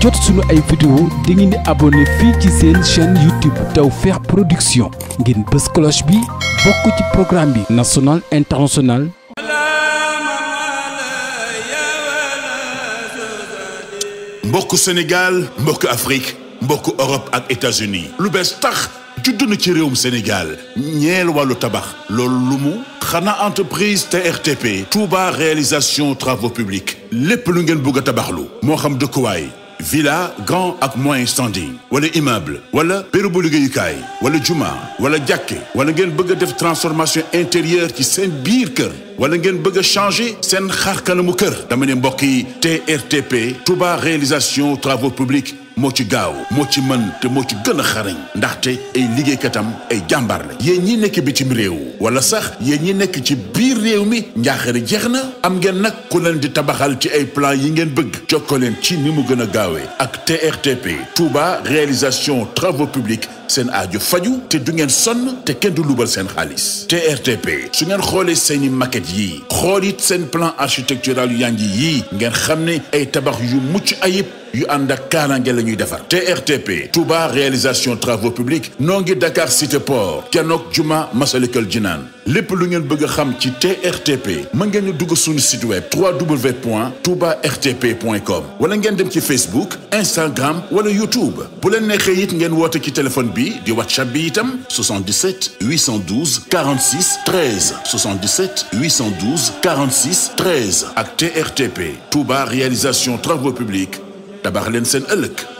jot suñu ay vidéo da ngeen di abonné fii ci seen chaîne YouTube Tawfekh Production ngeen bës cloche bi bokk ci programme bi national international mbokk Sénégal mbokk Afrique mbokk Europe ak États-Unis lu bees tax judd na ci réewum Sénégal ñeel wàllu tabax loolu lu mu xanaa entreprise TRTP Touba réalisation travaux publics lépp lu ngeen bëgg a lu moo xam dëkkuwaay villa grand ak moyen standing wala immeuble wala bérébu liggéeyukaay wala juma wala jàkke wala ngeen bëgg a def transformation intérieure ci seen biir kër wala ngeen bëgg changé changer seen xarkanamu kër dama ne mbokk yi TRTP Touba réalisation travaux publics moo ci gaaw moo ci mën te moo ci gën a xarañ ndaxte ay liggéeykatam ay jàmbaar la yéen ñi nekk bitim réew wala sax yéen ñi nekk ci biir réew mi njaaxare jeex na am ngeen nag ku leen di tabaxal ci ay plan yi ngeen bëgg jokkoo ci ni mu gën a gaawee ak TRTP Touba réalisation travaux publics seen aaju faju te du ngeen sonn te kenn du luubal seen xaalis TRTP su ngeen xoolee seeni maquette yii xool it seen plan architectural yu yànji yii ngeen xam ne ay tabax yu mucc ayib yu ànd ak kaaraange la ñuy defar TRTP Touba réalisation travaux publics noo ngi Dakar cité port kennook juma ji naan lépp lu ngeen bëgg a xam ci TRTP ma ngeen ñu dugg suñu site web www.toubartp.com wala ngeen dem ci Facebook Instagram wala YouTube bu leen neexee it ngeen woote ci téléphone bi di WhatsApp bi itam 77 812 46 13 77 812 46 13 ak TRTP Touba réalisation travaux publics tabax leen seen ëllëg.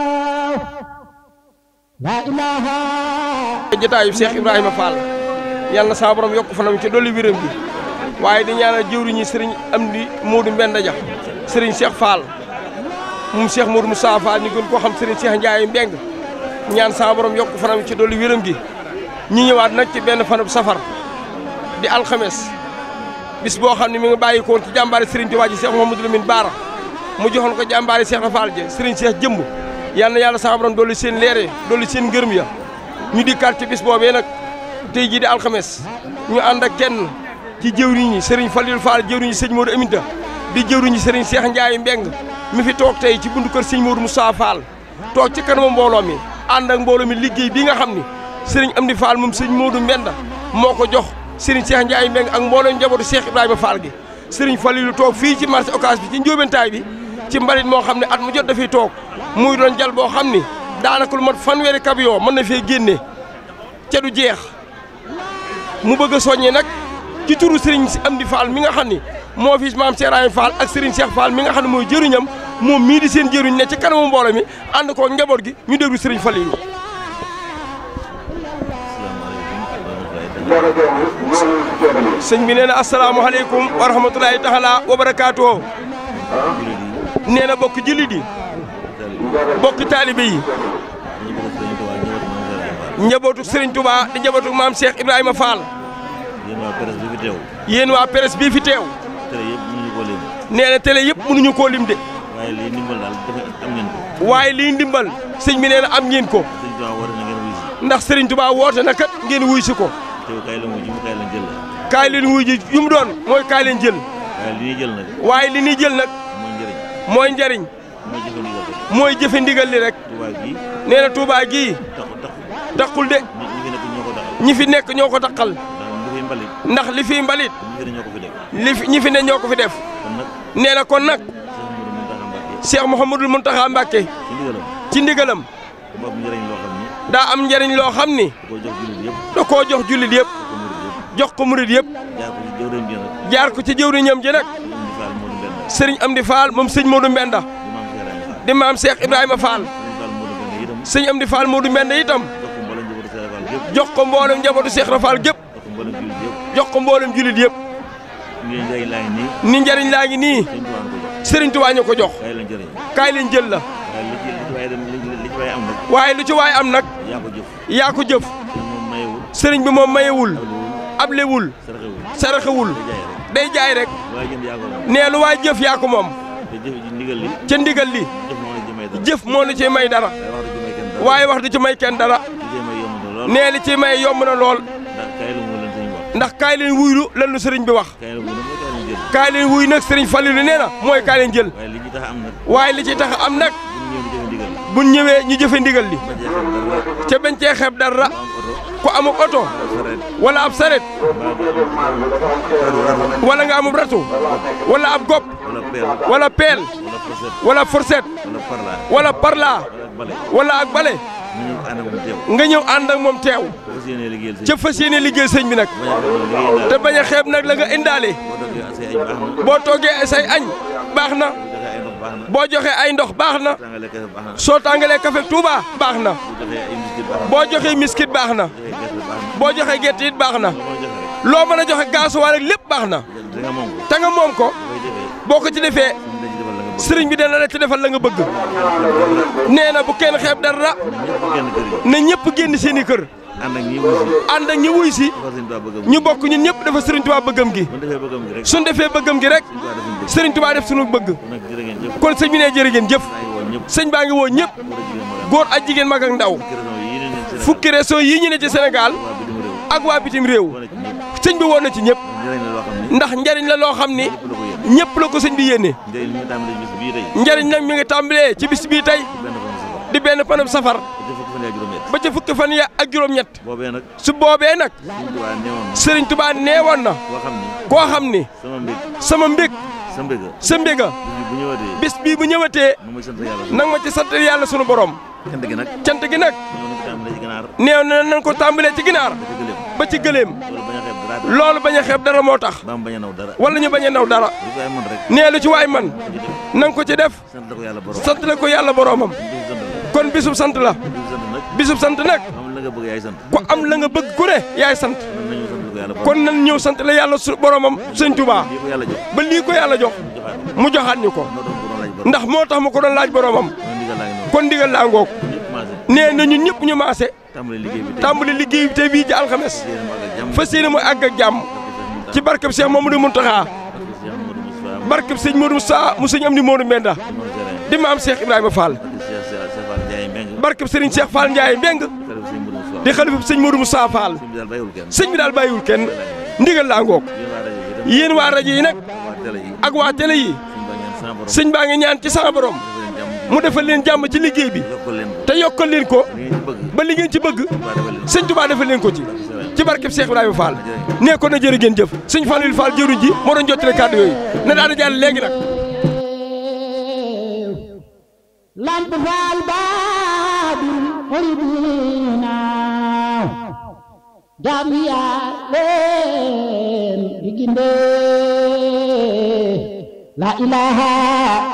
jotaayu Cheikh Ibrahima Fall yàlla na saa borom yokk fanam ci dolli wéram bi waaye di ñaanal jëwriñi sëriñ Amdi Moodu Mbenda Dia sëriñ Cheikh Fall moom Cheikh Modou Moussa Fall ñu gën koo xam sëriñ Cheikh Ndiaye Mbeng ñaan saa borom yokk fanam ci dolli wéram gi ñi ñëwaat nag ci benn fanub safar di alxemes bis boo xam ne mi ngi bàyyi koon ci jàmbaari sëriñ Tuubaa ji Cheikh Mouhamadou Lamine Baara mu joxoon ko jàmbaari Cheikh Fall ji sëriñ Cheikh jëmb yal na yàlla sama borom dolli seen leere yi dolli seen ngërëm ñu di quartier bis bee nag tey jii di alxames ñu ànd ak kenn ci jëwriñ yi sëriñ Falil Fall jëwriñ sëñ Modou Aminta di jëwriñ sëriñ Cheikh Ndiaye Mbeng mi fi toog tey ci buntu kër sëñ Modou Moussa Fall toog ci kanamu mbooloo mi ànd ak mbooloo mi liggéey bii nga xam ni sëriñ di Fall moom sëñ Modou Mbenda moo ko jox sëriñ Cheikh Ndiaye Mbeng ak mbooloo njabootu Cheikh Ibrahima Fall gi sëriñ Falil toog fii ci marché Ocass bi ci njóobentaay bi ci mbalit moo xam ne at mu jot dafiy toog muy doon jal boo xam ni daanaka lu mat fanweeri camion mën na fee génne ca jeex mu bëgg a nag ci turu si Amdi Fall mi nga xam ni moo fi maam Serigne Fall ak Serigne Cheikh Fall mi nga xam ne mooy jëriñam moom mii di seen jëriñ ne ci kanamu mbooloo mi ànd ko njaboot gi ñu déglu Serigne Fall yi. sëñ bi nee na asalaamaaleykum wa rahmatulahi taala wa barakaatuhu. nee na bokk jullit yi bokk taalibe yi njabootu Serigne Touba di njabootu maam Cheikh Ibrahima Fall. yéen waa presse bi fi teew. yéen waa presse bii fi teew. télé yëpp mënuñu koo lim. nee na télé yëpp mënuñu koo lim de. waaye liy ndimbal daal dafa ko. sëñ bi nee na am ngeen ko. ndax Serigne Touba woote na kat ngeen wuy si ko. teew kaay la wuy ji kaay leen jël la. doon mooy kaay leen jël. waaye li ñuy jël nag. mooy njariñ mooy jëfe ndigal li rek nee na tuubaa gi taxul de ñi fi nekk ñoo ko taxal ndax li fi mbalit li fi ñi fi ne ñoo ko fi def nee na kon nag Cheikh Mouhamadul Mountakha Mbacké ci ndigalam daa am njariñ loo xam ni da koo jox jullit yëpp jox ko murit yëpp jaar ko ci jëwriñam ji nag sëriñ Amdi Fall moom sëñ Modou Mbenda di maam Cheikh Ibrahima Fall sëñ Amdi moo Modou Mbenda itam jox ko mboolem njabootu Cheikh Rafal gépp jox ko mboolem julit yëpp ni njariñ laa ngi nii sëriñ Tuubaa ñu ko jox kaay leen jël la waaye lu ci waay am nag yaa ko jëf sëriñ bi moom mayewul ablewul saraxewul day jaay rek nee lu waay jëf yaa ko moom ca ndigal li jëf moo nu ci may dara waaye wax du ci may kenn dara nee li ci may yomb na lool ndax kaay leen wuylu lan lu sëriñ bi wax kaay leen wuy nag sëriñ Falilu nee na mooy kaay leen jël waaye li ci tax am nag buñ ñëwee ñu jëfe ndigal li ca bañ cee xeeb dara ku amub oto wala ab saret wala nga amub ratu wala ab gopp wala peel wala fourchette wala parla wala ak bale nga ñëw ànd ak moom teew ca fas yéene liggéey sëñ bi nag te bañ a xeeb nag la nga indaale boo toogee say añ baax na boo joxee ay ndox baax na soo tàngalee kafe Touba baax na boo joxee miskit baax na boo joxee gerte it baax na loo mën a joxe gaasuwaal ak lépp baax na te nga moom ko boo ko ci defee sëriñ bi dana la ci defal la nga bëgg nee na bu kenn xeeb dara na ñëpp génn seen i kër ànd ak ñi wuy si ñu bokk ñun ñëpp dafa sëriñ Tuubaa bëggam gi suñ defee bëggam gi rek sëriñ Tuubaa def suñu bëgg kon sëñ ne nee jërë ngeen jëf sëñ baa ngi woo ñëpp góor ak jigéen mag ak ndaw fukki régions yii ñu ne ci Sénégal ak waa bitim réew sëñ bi woon na ci ñëpp ndax njariñ la loo xam ni ñëpp loo ko sëñ bi yéene njariñ nag mi nga tàmbalee ci bis bii tey di benn panam safar ba ca fukki fan ya ak juróom-ñett su boobee nag sëriñ Tuubaa neewoon na koo xam ni sama mbég sa mbéga bis bii bu ñëwatee nag ma ci sant yàlla sunu borom cant gi nag neew na nañ ko tàmbalee ci ginaar ba ci gëléem loolu bañ a xeeb dara moo tax wala ñu bañ a naw dara nee lu ci waay man nan ko ci def sant la ko yàlla boroomam kon bisub sant la bisub sant nag ko am la nga bëgg ku ne yaay sant kon nan ñëw sant la yàlla su boroomam sëñ Tuubaa ba lii ko yàlla jox mu joxaat ñu ko ndax moo tax mu ko doon laaj boroomam kon ndigal laa ngoog nee nañu ñun ñëpp ñu maase. tàmbali liggéey bi tey bii ci alxames. fas yéene mu àgg ak jàmm. ci barkeb Cheikh Mamadou Mountakha. barkeb sëñ Modou Moussa mu sëñ Amdi Modou Mbenda. di maam seex Ibrahima Fall. barkeb sëriñ Cheikh Fall Ndiaye Mbeng. di xalifu sëñ Modou Moussa Fall. sëñ bi daal bàyyiwul kenn. ndigal laa ngoog. yéen waa rajo yi nag. ak waa yi. sëñ baa ngi ñaan ci sama borom. mu defal leen jàmm ci liggéey bi te yokkal leen ko ba li ci bëgg sëñ Tuubaa defal leen ko ci ci barkeb Cheikh Ibrahima Fall nee ko na jërë ngeen jëf sëñ Fallou Fall jëru ji moo doon jottale kàddu yooyu na daana jàll leen di la ilaha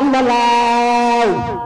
illallah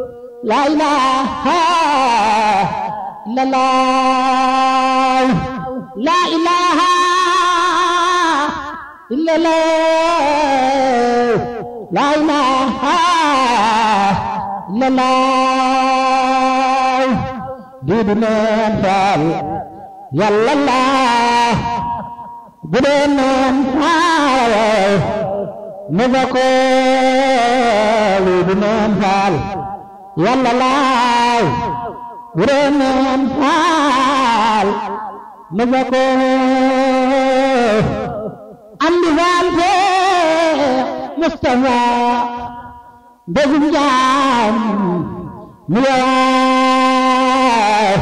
laa ilaaha illallaah laa ilaaha illallaah laa ilaaha illallaah diidu neen faal yàlla laa gudee neen faal ne ba ko faal yàlla laaw wuroomeen faal ma jakoo faal fee Mustafa dégum jaam mi yaaw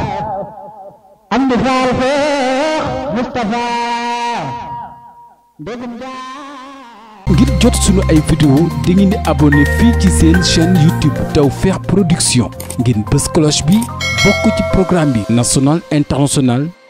am faal fee Mustafa jot suñu ay vidéo da ngeen di abonné fii ci seen chaîne YouTube Tawfekh Production ngir bës cloche bi bokk ci programme bi national international